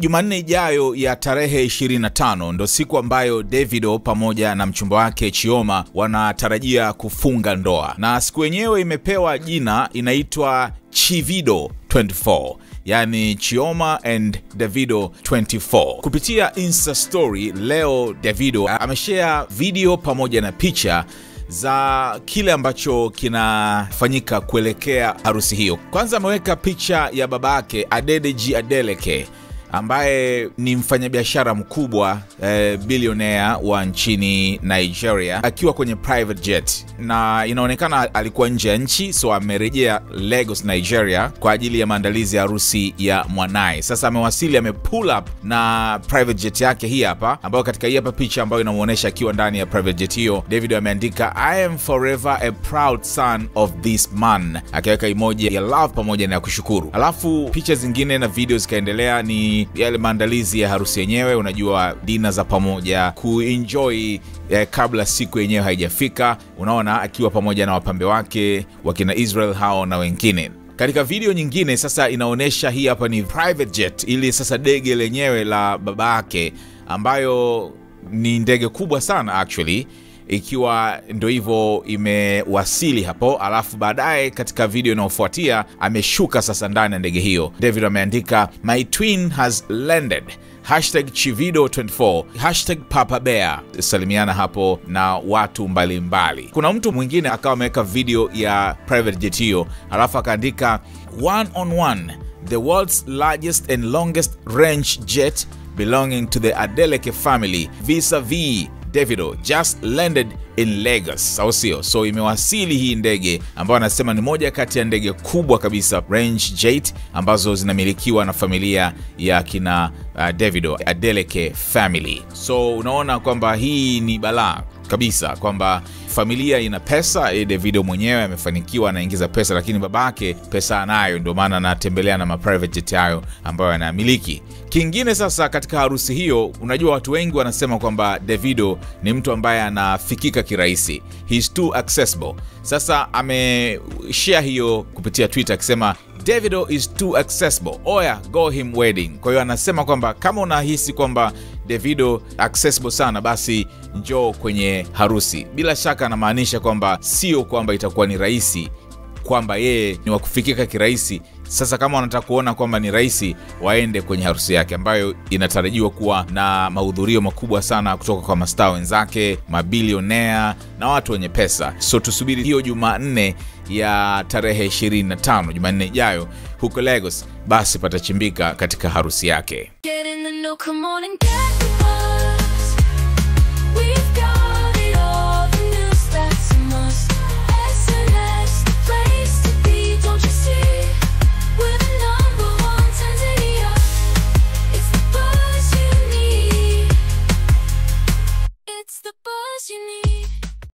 Jumanne ijayo ya tarehe 25 ndo siku ambayo Davido pamoja na mchumba wake Chioma wanatarajia kufunga ndoa, na siku yenyewe imepewa jina inaitwa Chivido 24 yani Chioma and Davido 24. Kupitia Insta story leo, Davido ameshare video pamoja na picha za kile ambacho kinafanyika kuelekea harusi hiyo. Kwanza ameweka picha ya babake Adedeji Adeleke ambaye ni mfanyabiashara mkubwa e, eh, bilionea wa nchini Nigeria akiwa kwenye private jet, na inaonekana alikuwa nje ya nchi, so amerejea Lagos, Nigeria kwa ajili ya maandalizi ya harusi ya mwanaye. Sasa amewasili, amepull up na private jet yake hii hapa, ambayo katika hii hapa picha ambayo inamuonyesha akiwa ndani ya private jet hiyo, David ameandika I am forever a proud son of this man, akiweka emoji ya love pamoja na ya kushukuru. Alafu picha zingine na video zikaendelea ni yale maandalizi ya harusi yenyewe, unajua dina za pamoja, kuenjoy eh, kabla siku yenyewe haijafika, unaona akiwa pamoja na wapambe wake wakina Israel hao na wengine. Katika video nyingine sasa inaonyesha hii hapa ni private jet, ili sasa dege lenyewe la babake ambayo ni ndege kubwa sana actually ikiwa ndo hivyo imewasili hapo, alafu baadaye katika video inayofuatia ameshuka sasa ndani ya ndege hiyo. David ameandika my twin has landed hashtag chivido24 hashtag papa salimiana hapo na watu mbalimbali mbali. kuna mtu mwingine akawa ameweka video ya private jet hiyo alafu akaandika one on one the world's largest and longest range jet belonging to the adeleke family visa v Davido just landed in Lagos, au sio? So imewasili hii ndege ambayo anasema ni moja kati ya ndege kubwa kabisa range jet ambazo zinamilikiwa na familia ya kina uh, Davido Adeleke family. So unaona kwamba hii ni balaa kabisa kwamba familia ina pesa. E, Davido mwenyewe amefanikiwa, anaingiza pesa, lakini babake pesa anayo, ndio maana anatembelea na maprivate jet hayo ambayo anayamiliki Kingine sasa, katika harusi hiyo, unajua watu wengi wanasema kwamba Davido ni mtu ambaye anafikika kirahisi, he's too accessible. Sasa ameshea hiyo kupitia Twitter akisema Davido is too accessible, oya go him wedding. Kwa hiyo anasema kwamba kama unahisi kwamba Davido accessible sana, basi njoo kwenye harusi. Bila shaka anamaanisha kwamba sio kwamba itakuwa ni rahisi, kwamba yeye ni wakufikika kirahisi. Sasa kama wanataka kuona kwamba ni rahisi, waende kwenye harusi yake ambayo inatarajiwa kuwa na mahudhurio makubwa sana kutoka kwa mastaa wenzake, mabilionea na watu wenye pesa. So tusubiri hiyo Jumanne ya tarehe 25, Jumanne ijayo huko Lagos, basi patachimbika katika harusi yake. Bye.